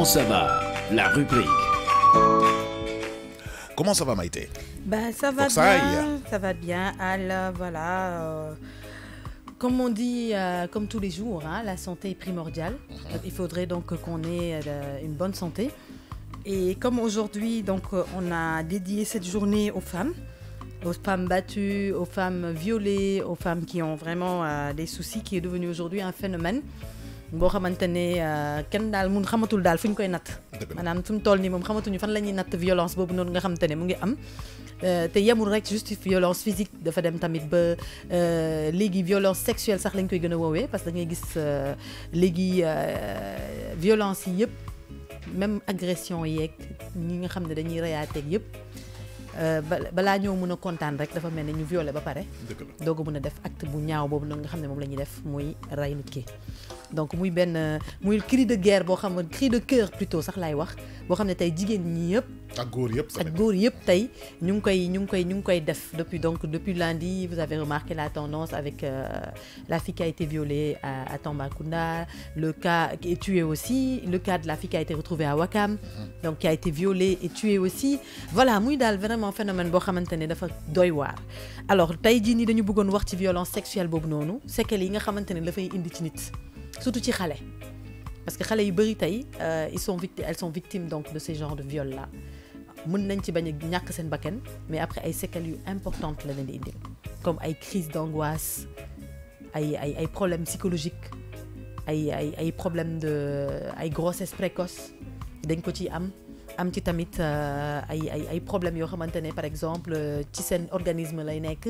Comment ça va La rubrique. Comment ça va Maïté ben, ça va ça bien. Ça, va bien. Alors voilà. Euh, comme on dit, euh, comme tous les jours, hein, la santé est primordiale. Mhm. Il faudrait donc qu'on ait euh, une bonne santé. Et comme aujourd'hui, donc on a dédié cette journée aux femmes, aux femmes battues, aux femmes violées, aux femmes qui ont vraiment des soucis, qui est devenu aujourd'hui un phénomène boo xamante euh, ken dal daal mun xamatul dal fuñ koy nat maanaam fuñ toll ni mom xamatuñu fan lañuy nat violence bobu non nga xamante ne mu ngi am euh, te yamul rek juste violence physique dafa dem tamit ba euh, léegi violence sexuelle sax lañ koy gëna wowe parce que da ngay gis léegi violence yi yëpp même agression yeeg ñi nga xam ne dañuy reyaateeg yëpp balaa ñoo mën a kontaan rek dafa melni ñu violé ba paré dogu mëna def acte bu ñaaw bobu non nga xam mom lañuy def muy ray nit ki donc muy ben muy cri de guerre bo xam cri de cœur plutôt sax lay wax bo xamné tay jigen ñi yépp ak góor yëpp ak góor yëpp tey ñu ngi koy ñu ngi koy ñu ngi koy def depuis donc depuis lundi vous avez remarqué la tendance avec euh, la fille qui a été violée à, à Tambacounda le cas qui est tué aussi le cas de la fille qui a été retrouvée à Wakam. Mhm. donc qui a été violée et tuée aussi voilà muy dal vraiment phénomène bo xamante dafa doy war alors tay ji ni dañu bëggone wax ci violence sexuelle boobu c'est que li nga xamante la fay indi ci nit surtout ci xale parce que les yu bëri euh, ils sont victimes elles sont victimes donc de ces genres de viol là mën nañ ci bañ a mais après ay séquelles yu importantes comme ay crises d'angoisse ay ay problèmes psychologiques ay ay problèmes de ay grossesse précoce d'un ko am ci tamit euh, ay ay ay problèmes yoo xamante ne par exemple euh, ci seen organisme lay nekk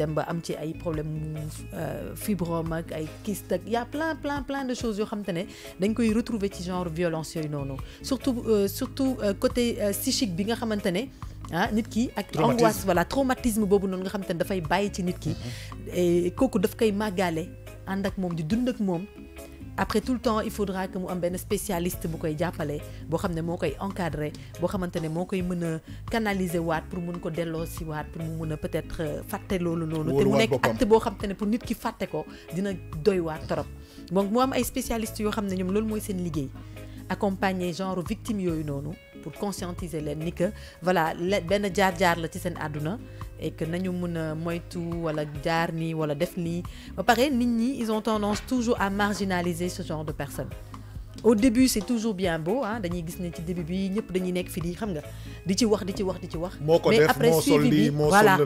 dem ba am ci ay problème euh, fibrome ak ay kyste ak y' a plein plein plein de choses yoo xamante ne dañ koy retrouver ci genre violence yooyu noonu surtout surtout côté psychique bi nga xamante ne ah nit ki ak angoisse voilà traumatisme boobu noonu nga xamante ne dafay bàyyi ci nit ki mm-hmm. kooku daf koy màggaale ànd ak moom di dund ak moom après tout le temps il faudra que mu am ben spécialiste bu koy jappalé bo encadrer canaliser pour qu'ils ko ci pour peut-être euh, faté té mu nek acte pour nit ki faté ko dina doy wat donc am ay spécialistes yo accompagner genre victime pour conscientiser les ni voilà ben jaar-jaar la ci sen et que nañu mëna a moytu wala jaar ni wala def ni ba ils ont tendance toujours à marginaliser ce genre de personnes au début c'est toujours bien beau hein dañuy gis ne ci début bi ñëpp dañuy nekk fi di xam nga di ci wax di ci wax di ci wax. mais après suivi bi voilà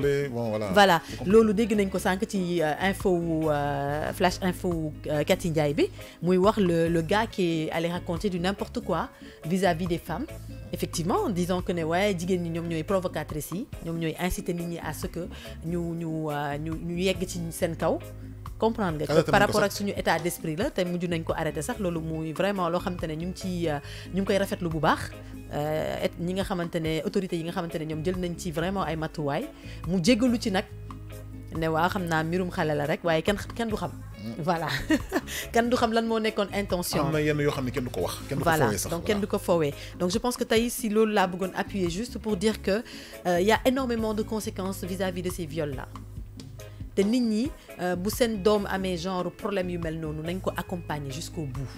voilà lolu dégg nañ ko sank ci euh, info euh, flash info euh, Cathy Ndiaye bi muy wax le le gars qui allait raconter du n'importe quoi vis-à-vis des femmes effectivement disant que né waaye jigéen ni ñom ñoy provocatrice, yi ñoom ñooy inciter nit ñi à ce que ñu ñu ñu yegg ci sen kaw comprendre nga par rapport ak suñu état d'esprit la tay mujj nañ ko arrêté sax loolu muy vraiment loo xamante ne ñu ngi ci euh, ñu ngi koy rafetlu bu baax euh, ñi nga xamante ne autorités yi nga xamante ne ñoom jël nañ ci vraiment ay matuwaay mu jéggalu ci nag ne waa xam naa mbirum xale la rek waaye kenn kenn du xam mm. voilà kenn du xam lan moo nekkoon intention am na yenn yoo xam ne kenn du ko wax kenn du ko foowee sax donc kenn du ko foowee donc je pense que tey si loolu laa bëggoon appuyer juste pour dire que il euh, y a énormément de conséquences vis-à-vis de ces viols là te nit ñi euh, bu seen doom amee genre problème yu mel noonu nañ ko accompagner jusqu'au bout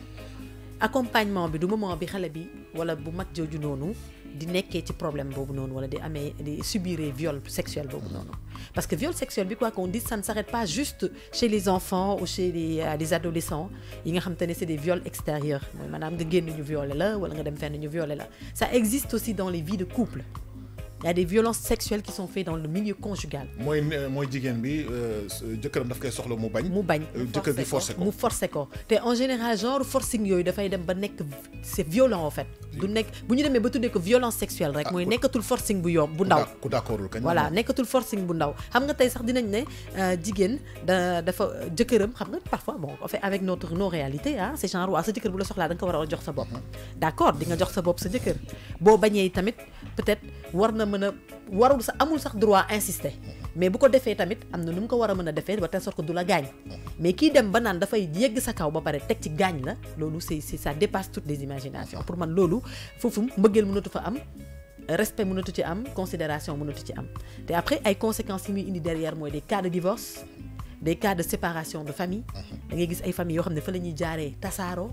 accompagnement bi du moment bi xale bi wala bu mag jooju noonu di nekkee ci problème boobu noonu wala di amee di subir viol sexuel boobu noonu parce que viol sexuel bi quoi qu'on dise ça ne s'arrête pas juste chez les enfants ou chez les euh, les adolescents yi nga xam te ne c'est des viols extérieurs mooy maanaam nga génn ñu violer la wala nga dem fenn ñu violer la ça existe aussi dans les vies de couple il y a des violences sexuelles qui sont faites dans le milieu conjugal. mooy euh, mooy jigéen bi euh, jëkkëram daf koy soxla mu bañ. mu bañ euh, jëkkër bi forcé ko mu forcé ko te en général genre forcing yooyu dafay dem ba nekk c'est violent en fait. du nekk bu ñu demee ba tuddee ko violence sexuelle rek. Ah, mooy nekkatul forcing bu yomb bu ndaw. ku d'accordul kañ voilà nekkatul forcing bu ndaw xam nga tey sax dinañ ne jigéen da dafa jëkkëram xam nga parfois bon en fait avec notre nos réalités hein c'est genre waa sa jëkkër bu la soxlaa da nga ko jox sa bopp. Mm-hmm. d'accord di nga jox sa bopp sa jëkkër boo bañee tamit peut-être war na mën a warul sax amul sax droit insister mais bu ko defee tamit am na nu mu ko war a mën a defee ba telle sorte que du la gaañ mais kii dem ba naan dafay yegg sa kaw ba pare teg ci gaañ la loolu c'est c'est ça dépasse toutes les imaginations pour man loolu foofu mbëggeel mënatu fa am respect mënatu ci am considération mënatu ci am te après ay conséquences yi muy indi derrière mooy des cas de divorce des cas de séparation de famille da ngay gis ay famille yoo xam ne fa la ñuy jaaree tasaaroo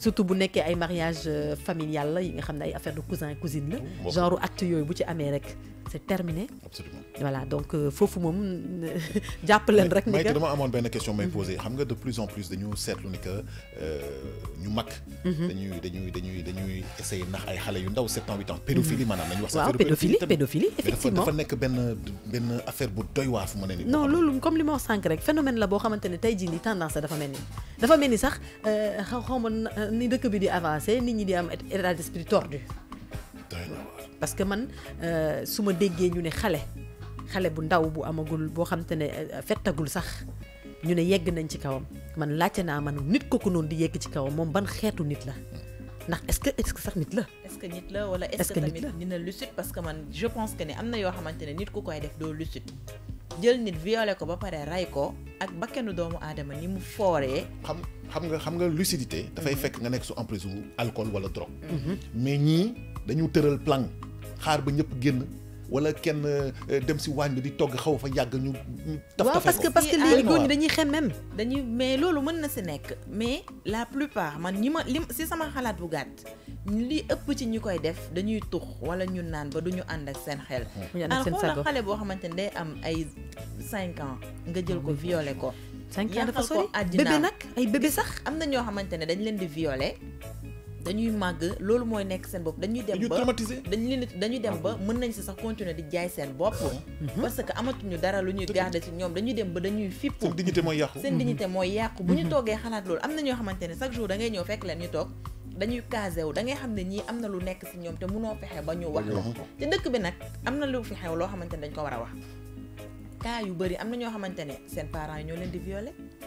surtout bu nekkee ay mariage euh, familial la yi nga xam ne ay affaire de cousin cousine la genre acte yooyu bu ci amee rek c'est terminé absolument voilà donc euh, foofu moom jàpp leen rek ni que dama amoon benn question may posé mhm. xam nga de plus en plus dañu seetlu ni que euh, ñu mag mhm. dañuy dañuy dañuy dañuy essayer nax ay xale yu ndaw sept ans huit ans pédophilie mhm. maanaam nañu wax waaw pédophilie pédophilie effectivement dafa nekk benn benn affaire bu doy waar fu mu ne nii non loolu comme li ma wax sànq rek phénomène la boo xamante ne tey jii nii tendance dafa mel ni dafa mel ni sax euh, xaw ma euh, ni dëkk bi di avancé nit ñi di am état d'esprit tordu parce que man euh, su ma déggee ñu ne xale xale bu ndaw bu amagul boo xam te ne fettagul sax ñu ne yegg nañ ci kawam man laajte naa man nit kooku noonu di yegg ci kawam moom ban xeetu nit la ndax est-ce que est-ce que sax nit la. est-ce que nit la wala est-ce que tamit dina lucide parce que man je pense que ne am na yoo xamante ne nit ku koy def doo lucide jël nit violé ko ba pare ray ko ak bakkanu doomu aadama ni mu fooree. xam xam nga xam nga lucidité. dafay fekk nga nekk su emprise alcool wala drogue. Mhm. mais ñii dañu tëral plan xaar ba ñëpp génn wala kenn euh, dem si togg parce que parce que léegi góor dañuy même mais mën na mais la plupart man ñi ma si sama xalaat bu gàtt li ëpp ci ñi def dañuy tux wala ñu naan ba 5 ans nga jël ko violé ko. 5 ans dafa sori bébé nag ay bébé sax. am na ñoo dañuy màgg loolu mooy nekk seen bopp dañuy dem ba dañ leen dañuy dem ba mën nañ si sax continuer di jaay seen bopp mm-hmm. parce que amatuñu dara lu ñuy garder ci ñoom dañuy dem ba dañuy fippu seen dignité mooy yàqu seen dignité mm-hmm. mooy yàqu bu ñu mm-hmm. toogee xalaat loolu am na ñoo xamante ne chaque jour da ñëw fekk leen ñu toog dañuy casé wu da xam ne ñii am na lu nekk si ñoom te mënoo fexe ba ñu wax te dëkk bi nag am na lu fi xew loo xamante ne dañ ko war a wax cas yu bëri am na ñoo xamante ne seen parents yi ñoo leen di violer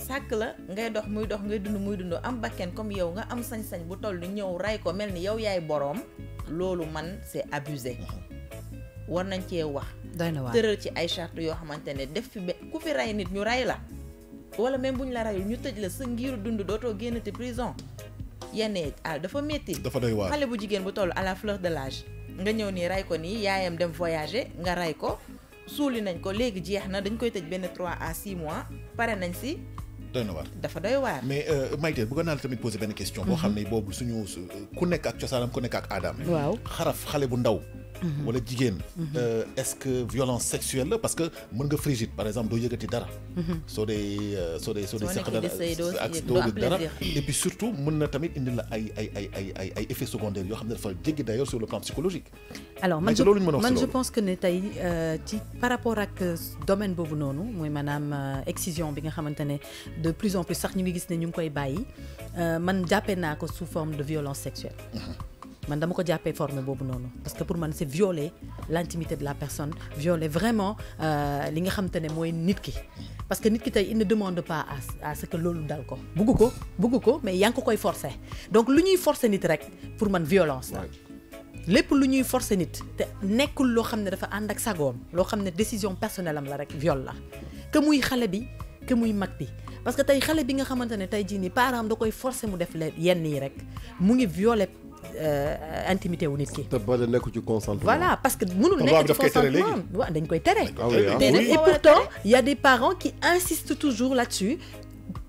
sàkk la ngay dox muy dox ngay dund muy dund am bakken comme yow nga am sañ-sañ bu toll ni ñëw ray ko mel ni yow yaay boroom loolu man si abusé mm-hmm. war nañ cee wax tëral ci ay charte yoo xamante ne def fi be ku fi rey nit ñu ray la wala même bu ñu la reyul ñu tëj la sa ngiiru dund dootoo génn génnati prison yenn ah dafa métti dafa doy waar xale bu jigéen bu toll à la fleur de l'âge nga ñëw nii rey ko nii yaayam dem voyager nga ray ko suuli nañ ko léegi jeex na dañ koy tëj benn 3 à 6 mois pare nañ si doy na waar dafa doy waar. mais euh, Maïté bëggoon naa la tamit poser benn question. boo mhm. xam ne boobu suñu euh, ku nekk ak cosaanam ku nekk ak aadaam. waaw xaraf xale bu ndaw. Mm-hmm. wala jigéen. Mm-hmm. Euh, est-ce que violence sexuelle la parce que mën nga frigide par exemple doo yëgati dara. Mm-hmm. Euh, soo dee soo dee soo dee seq dara ak doo yëg dara et puis surtout mën na tamit indi la ay ay ay ay ay ay effets secondaires yoo xam ne dafa jéggi d'ailleurs sur le plan psychologique. alors man man je pense que ne tey euh, ci par rapport ak domaine boobu noonu mooy maanaam excision bi nga xamante ne de plus en plus sax ñu ngi gis ne ñu ngi koy bàyyi man jàppee naa ko sous forme de violence sexuelle man dama ko jàppee forme parce que pour man c'est violer l'intimité de la personne violer vraiment euh, li nga xam te ne nit ki parce que nit ki tay il ne demande pas à ce que lolu dal ko bugg ko ko mais yaa ko koy forcer donc luñuy forcer nit rek pour man violence là lepp luñuy forcer nit te nekul lo xam ne dafa and ak sagom lo xam ne décision personnelle am la rek viol la que muy xalé bi que muy mag bi parce que tay xalé bi nga xamantene tay jini jii nii da koy forcer mu def leen yenn yi rek mu ngi violer euh, intimité ou nit ki. te ba nekk ci consentement. voilà parce que mënul nekk ci consentement waaw dañ koy téré ah ah et pourtant il y a des parents qui insistent toujours là-dessus.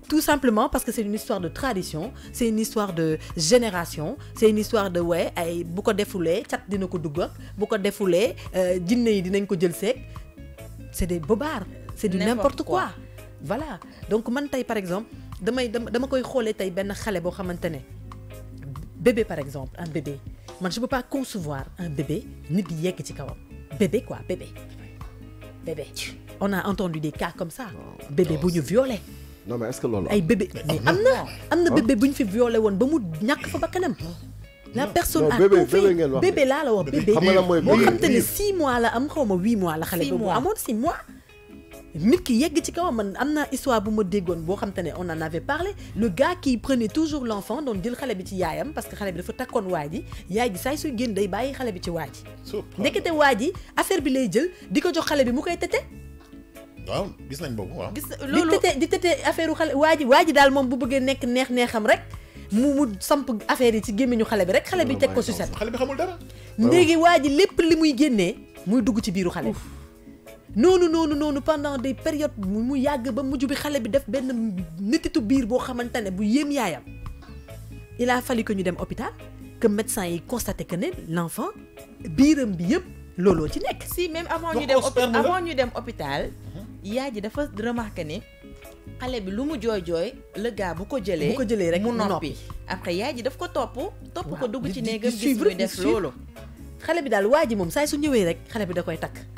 Tout simplement parce que c'est une histoire de tradition, c'est une histoire de génération, c'est une histoire de ouais, ay bu ko defulee chat dina ko dugg bu ko euh jinne yi dinañ ko jël c'est des bobards, c'est du n'importe quoi. Voilà donc man tay par exemple damay dama koy xolé tay ben xalé bo xamante bébé par exemple un bébé man je peux pas concevoir un bébé ni di yegg ci bébé quoi bébé bébé on a entendu des cas comme ça oh, bébé bu violé non mais est-ce que c'est ay bébé mais ah, am ah. ah. bébé bu fi violé woon ba mu ñàkk fa bakkanam la personne a confié bébé là la bébé Il y a 6 mois là, am 8 mois la y mois. 6 mois nit ki yegg ci kawam man amna histoire bu ma déggoon boo xam ne on en avait parlé le gars qui prenait toujours l' enfant doon jël xale bi ci yaayam parce que xale bi dafa takkoon waa ji yaay ji saay suy génn day bàyyi xale bi ci waa ji ndekete waa ji affaire bi lay jël di ko jox xale bi mu koy tete waaw gis nañ boobu waaw gis loolu di tete di tete affaire u xale waa ji waa ji daal moom bu bëggee nekk neex neexam rek mu mu samp affaire yi ci gémmiñu xale bi rek xale bi teg ko suset xale bi xamul dara léegi waa ji lépp li muy génnee muy dugg ci biiru xale bi noonu noonu noonu pendant des périodes mu yàgg ba mujj bi xale bi def benn nititu biir boo xamante ne bu yéem yaayam il a fallu que ñu dem hôpital que médecin yi constaté que ne l'enfant biiram bi yëpp looloo ci nekk. si même avant ñu dem avant ñu dem hôpital. Mhm. yaay ji dafa remarqué ni xale bi lu mu jooy jooy le gars bu ko jëlee. bu ko jëlee rek mu noppi après yaay ji daf ko topp. topp ko dugg ci néegam gis muy def loolu. xale bi daal waa ji moom saay su ñëwee rek xale bi da koy takk.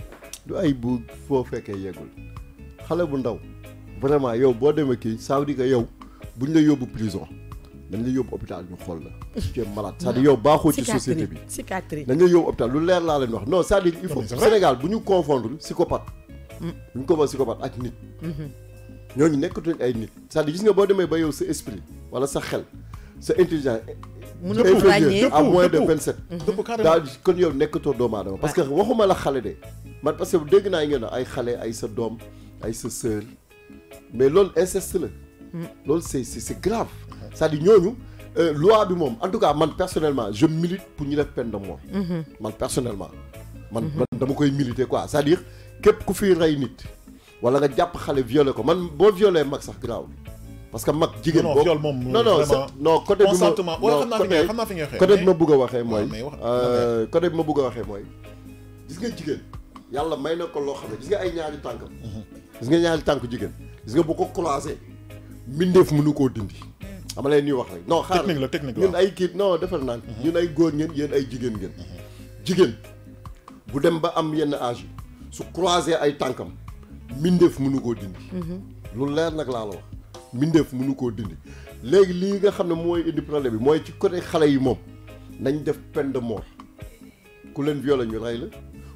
du ay bu foo fekkee yeggul bu ndaw vraiment yow boo ça veut que yow buñ la prison dañ la yóbbu hôpital ñu xool la. tu es malade c'est-à-dire yow baaxoo ci société bi dañ la yóbbu hôpital lu leer laa leen wax non cest il faut Sénégal bu confondre psychopathe. Mm. confondre psychopathe ak nit. Mm-hmm. ñooñu nekkatuñ ay nit c'est-à-dire gis nga boo demee ba yow sa esprit wala sa xel à moins de 27. dëpp parce que waxuma la de man parce que dégg naa ñu ne ay xale ay sa doom ay sa sœur mais loolu inceste la. loolu c'est c'est grave. cest à ñooñu euh, loi bi moom en tout cas man personnellement je milite pour ñu def peine de mort. man personnellement. man man dama koy militer quoi c'est-à-dire képp ku fi rey nit. wala nga jàpp xale violé ko man boo violé mag sax grave parce que mag jigéen boobu non non non côté bi ma non côté bi ma bëgg a waxee mooy. Euh, côté bi ma bëgg a waxee mooy gis nga jigéen. yàlla may na ko loo xam ne gis nga ay ñaari tànkam. gis nga ñaari tànk jigéen gis nga bu ko croisé mbindeef mënu koo dindi. ama leen ñuy wax rek noo xaar technique la technique la ñun ay kii non defal naa mhm. ñun ay góor ngeen yéen ay jigéen ngeen. jigéen bu dem ba am yenn âge yi su croisé ay tànkam mbindeef mënu koo dindi. Mhm. lu leer nag laa la wax mbindeef mënu koo dindi léegi lii nga xam ne mooy indi problème bi mooy ci côté xale yi moom nañ def peine de mort ku leen violé ñu rey la.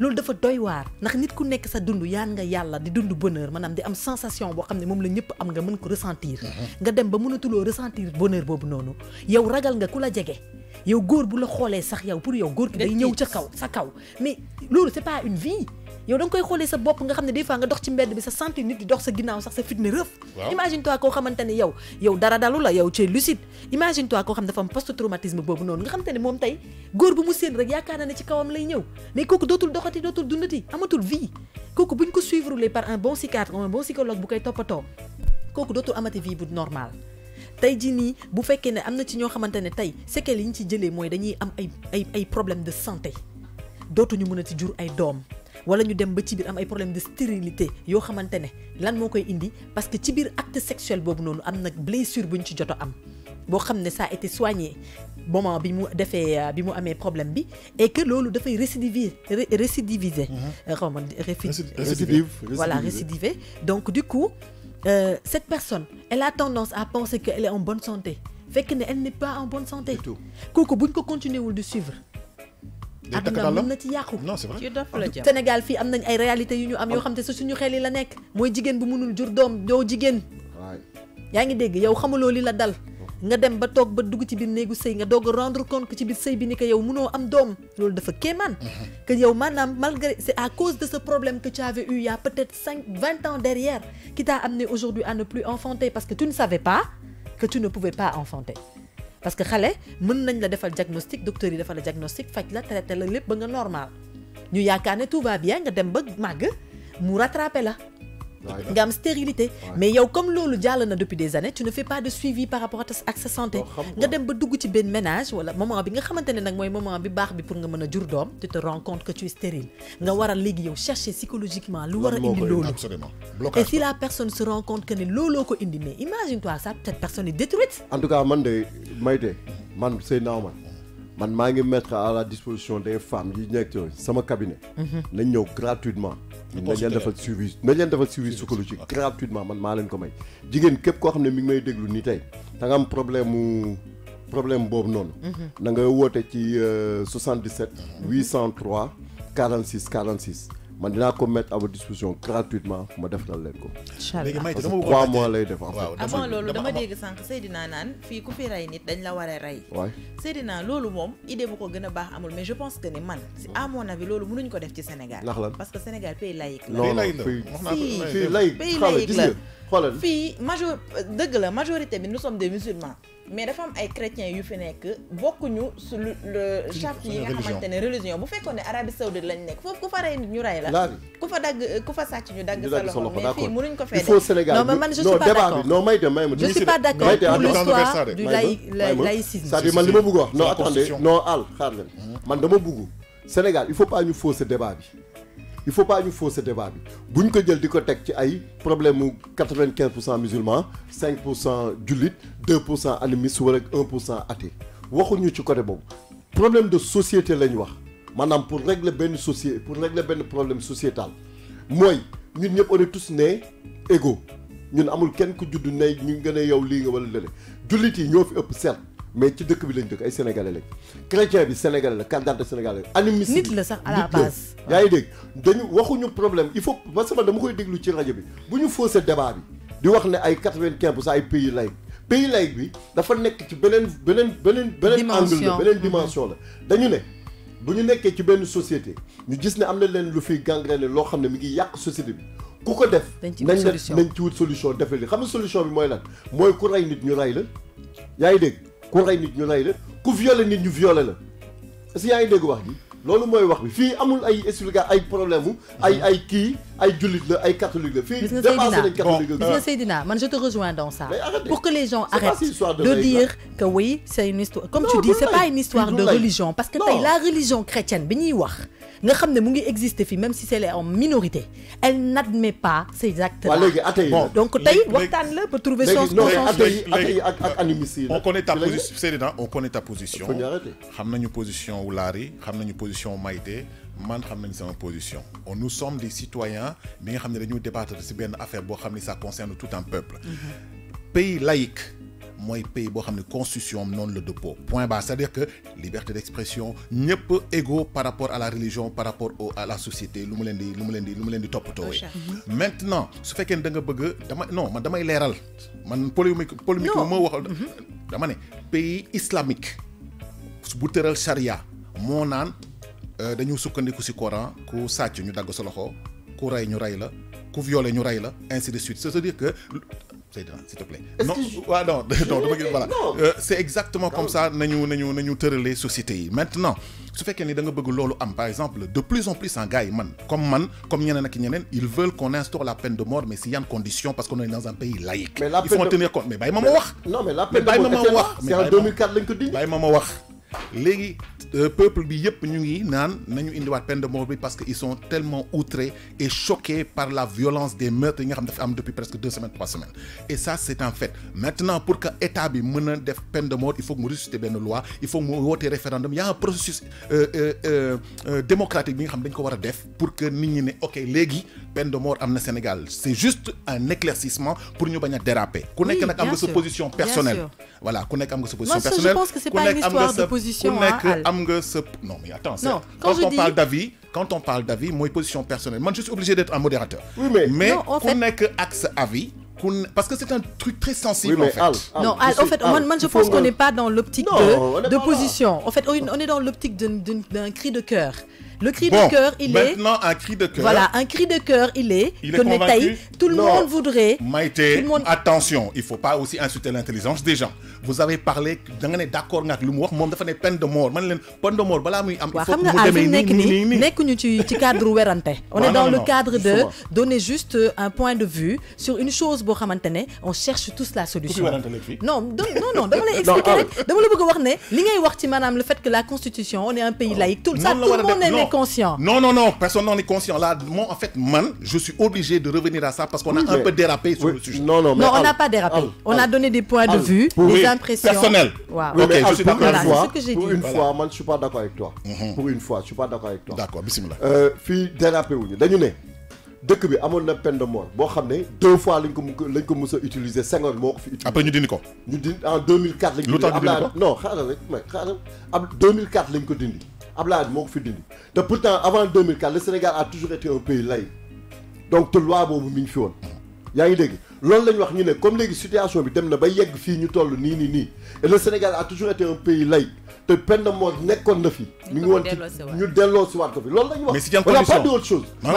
loolu dafa doy waar ndax nit ku nekk sa dund yaan nga yàlla di dund bonheur maanaam di am sensation boo xam ne moom la ñëpp am nga mën ko ressentir mhm. nga dem ba mënatuloo ressentir bonheur boobu noonu yow ragal nga ku la jege yow góor bu la xoolee sax yow pour yow góor ki day ñëw sa kaw sa kaw mais loolu c'est pas une vie yow da koy xoolee sa bopp nga xam ne des fois nga dox ci mbedd bi sa santé nit di dox sa ginnaaw sax sa fit rëf imagine toi xamante ne yow yow dara dalu la yow ci lucide koo xam dafa am post traumatisme boobu noonu nga xamante ne moom tey góor bu mu séen rek yaakaar na ne ci kawam lay ñëw mais kooku dootul doxati dootul dundati amatul ko suivre par un bon psychiatre un bon psychologue bu koy toppatoo kooku dootul amati vie bu normal tey jii nii bu fekkee ne am na ci ñoo xamante ne tey séquelles yi ñu ci jëlee mooy dañuy am ay ay ay problème de santé dootuñu mën a ci jur ay doom wala ñu dem ba ci biir am ay problème de stérilité yoo xamante ne lan moo koy indi parce que ci biir acte sexuel boobu noonu am na blessure bu ñu ci joto am boo xam ne ça a été soigné moment bi mu defee euh, bi mu amee problème bi et que loolu dafay mm-hmm. euh, récidiver récidiviser xaw ma récidive voilà récidiver donc du coup euh, cette personne elle a tendance à penser qu'elle est en bonne santé fekk ne elle n'est pas en bonne santé kooku buñ ko continuer wul di suivre adduna mën na ci yàqu Sénégal fi am nañ ay réalité yu ñu am yoo xam te suñu xel yi la nekk mooy jigéen bu mënul jur doom doo jigéen yaa ngi dégg yow xamuloo li la dal nga dem ba toog ba dugg ci biir néegu sëy nga doog a rendre compte que ci biir sëy bi ni que yow mënoo am doom loolu dafa kéemaan mm-hmm. que yow maanaam malgré c'est à cause de ce problème que tu avais eu il y a peut-être cinq vingt ans derrière qui t'a amené aujourd'hui à ne plus enfanter parce que tu ne savais pas que tu ne pouvais pas enfanter parce que xale mën nañ la defal diagnostic docteur yi defal la diagnostic faj la traité la lépp ba nga normal ñu yaakaar ne tout yaa nga dem ba màgg mu rattrapé la gam stérilité mais yow comme loolu jàll na depuis des années tu ne fais pas de suivi par rapport à sa santé nga dem ba dugg ci ben ménage wala moment bi nga xamantene nak moy maman moment bi baax bi pour nga mën jur tu te rends compte que tu es stérile nga war a yow chercher psychologiquement lu war indi loolu et si la personne se rend compte que ne lolo ko indi mais imagine toi ça cette personne est détruite en tout cas man de Maïté man sey man maa ngi mettre à la disposition des femmes yi nekk sama cabinet nañ ñëw gratuitement na leen defal suivi na leen defal suivi psychologique gratuitement man ma leen ko may jigen kep ko xamne mi ngi may déglu ni tay da nga am problème problème bob non. Mhm. na nga woote ci 77 803 46 46 man ko mettre à votre disposition gratuitement ma que vous ko. incha allah Je mois lay avant lolu dama dégg sank Seydina nan fi ku fi ray nit dañ la a idée bu ko mais je pense que ni man. si à mon avis lolu mënuñ ko def ci Sénégal. parce que Sénégal pays laïque non laïque. pays laïque la major la majorité bi nous sommes des musulmans mais dafa am ay chrétiens yu fi nekk bokkuñu su le chef yi nga xamante religion bu fekkoon Arabie Saoudite lañ nekk foofu ku fa ñu la ku non mais je suis pas d'accord non may may je suis pas d'accord pour du laïcisme non attendez non al hum. Sénégal il faut pas ñu fausser débat il faut pas nous faire ce débat. Si nous avons problème problèmes, 95% musulmans, 5% julites, 2% animistes ou 1% athées. Nous avons des bon. problème de société. Madame, pour régler ben société, pour régler un problème sociétal, moi, nous sommes tous égaux. Nous n'avons quelqu'un qui nous a dit que nous avons Les problèmes. Julites, nous avons mais ci dëkk bi lañ dëkk ay sénégalais lañ bi sénégalais la candidat sénégalais la animiste nit la sax à la base yaa ngi dégg dañu waxuñu problème il faut man sama dama koy déglu ci rajo bi bu ñu faussé débat bi di wax ne ay quatre-vingt-quinze pour cent ay pays laïc pays laïc bi dafa nekk ci beneen beneen beneen beneen angle la beneen dimension la dañu ne bu ñu nekkee ci benn société ñu gis ne am na leen lu fiy gangréné loo xam ne mi ngi yàq société bi ku ko def nañ nañ ci wut solution defe li xam ne solution bi mooy lan mooy ku rey nit ñu rey la yaa ngi dégg C'est rey nit ñu la violé ce que le dégg wax a problème ay julit la ay catholique la fii dépassé les catholiques la Seydina man je te rejoins dans ça pour que les gens arrêtent de dire hein. que oui c'est une histoire comme tu dis c'est pas une histoire de religion parce que la religion chrétienne bi ñuy wax nga xam ne mu ngi exister fii même si c'est en minorité elle n'admet pas ces actes là léegi athée yi donc tey waxtaan la pour trouver son consensus athée yi ak on connaît ta position Seydina on connaît ta position xam nañu position wu Laari xam nañu position Maïté man xamnañ sama position on nous sommes des citoyens mi nga xamné ne dañu débattre ci ben affaire bo xamné ça concerne tout un peuple mm-hmm. pays laïque moy pays bo xamné constitution non le dépôt. point bas c'est-à-dire que liberté d'expression ñëpp égaux par rapport à la religion par rapport au à la société lu mu leen di lu mu leen di lu mu di mm-hmm. maintenant su fekkee ne da nga bëgg dama non man damay léral man polémique polémique mo ma wax mm-hmm. dama né pays islamique bu tëral charia mon nan euh, dañu sukkandiku ci Coran ku sàcc ñu dagg sa loxo ku rey ñu rey la ku violé ñu rey la ainsi de suite c'est-à-dire que c'est s'il te plaît. non waaw non non dama gis voilà. Euh, c'est exactement comme ça nañu nañu nañu tëralee société yi maintenant su fekkee ni da nga bëgg loolu am par exemple de plus en plus en gars yi man comme man comme ñeneen ak ñeneen ils veulent qu'on instaure la peine de mort mais s'il y a une condition parce qu'on est dans un pays laïque. mais la peine de il faut tenir compte mais bàyyi ma ma wax. non mais la peine de mort c'est en 2004 lañ ko dindi. bàyyi ma ma wax. Les euh, peuple bi yëpp ñu ngi naan nañu peine de mort parce que sont tellement outrés et choqués par la violence des meurtres yi nga xam dafa depuis presque deux semaines trois semaines et ça c'est en fait maintenant pour que état bi faire a def peine de mort il faut que nous ressusciter benn loi il faut que mu woote référendum y a un processus euh, euh, démocratique bi nga xam dañ ko pour que nit ñi ne ok léegi peine de mort en Sénégal c'est juste un éclaircissement pour nous déraper. ku nekk nag am de position personnelle. voilà am nga position personnelle. je pense que c'est pas une histoire de position non mais attends. quand on parle d'avis quand on parle d'avis moi position personnelle man je suis obligé d'être un modérateur. mais mais qu'on nekk que avis. Parce que c'est un truc très sensible en fait. non, en fait, moi, je pense qu'on n'est pas dans l'optique de, de position. En fait, on est dans l'optique d'un cri de cœur. Le cri de cœur, il maintenant, est. Maintenant, un cri de cœur. Voilà, un cri de cœur, il est. Il que est convaincu? Tout le monde voudrait. Maïté, monde... attention, il faut pas aussi insulter l'intelligence des gens. Vous avez parlé, Vous êtes d'accord avec l'humour. lu mu peine de mort man leen peine de mort Voilà, muy am. il faut que mu demee nii cadre on est dans le cadre de donner juste euh, un point de vue sur une chose boo xamante on cherche tous la solution. non non non dama lay expliquer rek dama la bëgg wax ne li ngay wax ci le fait que la constitution on est un pays laïque tout ça tout le monde est conscient. Non, non, non, personne n'en est conscient. Là, moi, en fait, man, je suis obligé de revenir à ça parce qu'on a un peu dérapé sur le sujet. Non, non, mais non on n'a pas dérapé. on a donné des points de vue, des impressions. Personnel. Wow. Oui, je suis d'accord avec toi. Pour une fois, man, je suis pas d'accord avec toi. Mhm. Pour une fois, je suis pas d'accord avec toi. D'accord, bismillah. Euh, puis dérapé, ou Dañu né dëkk bi amoon na peine de mort bon xam deux fois il ko ko a utiliser Senghor moo après nous dindi quoi ñu en 2004. lañ a dindi non mais 2004 lañ ko dindi. Abdoulaye Wade moo ko fi pourtant avant 2004 le Sénégal a toujours été un pays laïque donc te loi boobu mi ngi fi loolu lañ wax ñu ne comme légui situation bi dem na ba yegg fi ñu tollu ni ni ni. et le Sénégal a toujours été un pays laïque te peine de mort nekkoon na fi. ñu ngi won ci ñu delloo fi loolu lañ wax. on n'a pas d'autre chose. non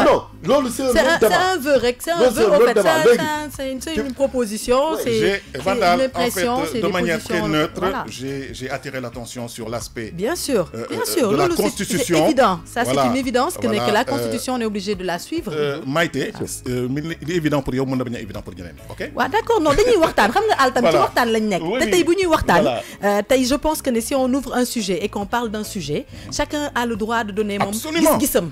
loolu c'est un débat C'est un vœu C'est un vœu fait c'est une proposition. C'est une impression de manière très neutre j'ai j'ai attiré l'attention sur l'aspect. bien sûr euh, bien euh, sûr La constitution, c'est évident ça c'est une évidence que la euh, constitution on est obligé de la suivre. Maïté ah. il est évident pour yow mën évident pour ñeneen. D'accord, ok. non dañuy waxtaan xam nga àll tamit ci waxtaan lañ nekk. te euh, tey je pense que si on ouvre un sujet et qu'on parle d'un sujet. Mhm. chacun a le droit de donner moom gis-gisam.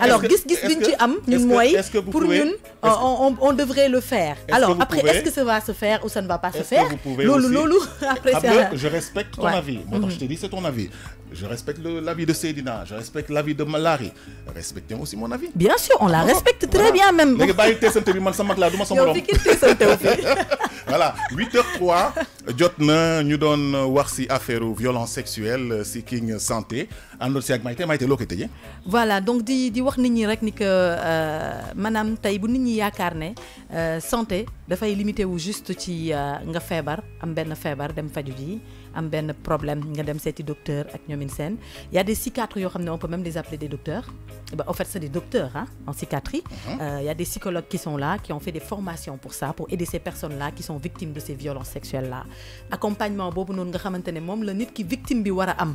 alors gis-gis bi ci am ñun mooy pour ñun on devrait le faire alors après est-ce que ça va se faire ou ça ne va pas se faire pouvez aussi après ça je respecte ton avis Moi, je mhm. te dis c'est ton avis je respecte l'avis de Seydina, je respecte l'avis de Malari. Respectez aussi mon avis. Bien sûr, on la respecte très bien même. voilà, 8h03, jot na ñu doon wax ci affaire violence violences euh, ci King Santé àndoon ci Maïté Maïté loo voilà donc di di wax nit ñi rek ni que euh, maanaam tay bu nit ñi yakarne euh, santé dafay limité wu juste ci euh, nga feebar am ben feebar dem faju ji am ben problème nga dem seeti docteur ak il y a des cicatrices yo on peut même les appeler des docteurs bah en fait c'est des docteurs hein en psychiatrie il mhm. euh, y a des psychologues qui sont là qui ont fait des formations pour ça pour aider ces personnes là qui sont victimes de ces violences sexuelles là accompagnement bobu non nga xamantene mom le nit ki victime bi wara am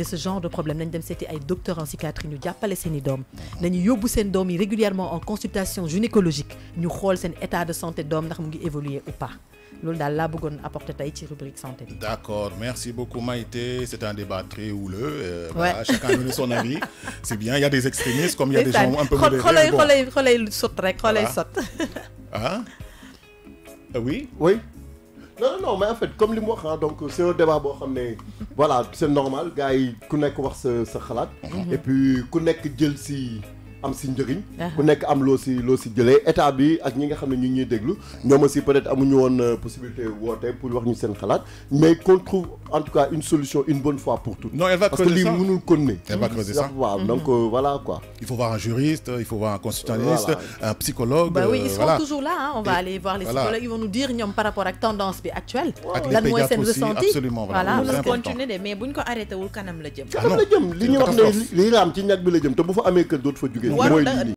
de ce genre de problème docteur en psychiatrie Nous régulièrement en consultation gynécologique Nous état de santé d'homme. ou pas rubrique santé d'accord merci beaucoup Maïté c'est un débat très houleux. Euh, chacun donne son avis c'est bien il y a des extrémistes comme il y a des gens un peu oui oui non non mais en fait comme li wax hein, donc c'est un débat bo xamné voilà c'est normal gars yi ku nek wax sa sa xalat mhm. et puis ku nek jël si. am si njëriñ ah. ku nek am lo si lo si jëlee état bi ak ñi nga xamné ñu ñuy déglu ñom aussi peut-être amuñu won euh, possibilité woote pour wax ñu seen xalat mais qu'on trouve en tout cas une solution une bonne fois pour toutes. Non, elle va Parce creuser que ça. nous connaît. Elle va creuser ça. Mhm. Donc euh, voilà quoi. Il faut voir un juriste, il faut voir un consultantiste, un psychologue. Bah oui, euh, ils seront toujours là. Hein. On va aller voir les psychologues. Ils vont nous dire par rapport à la tendance actuelle. Absolument. Voilà. va continuer, mais si on arrête, on va le dire. Ah non, que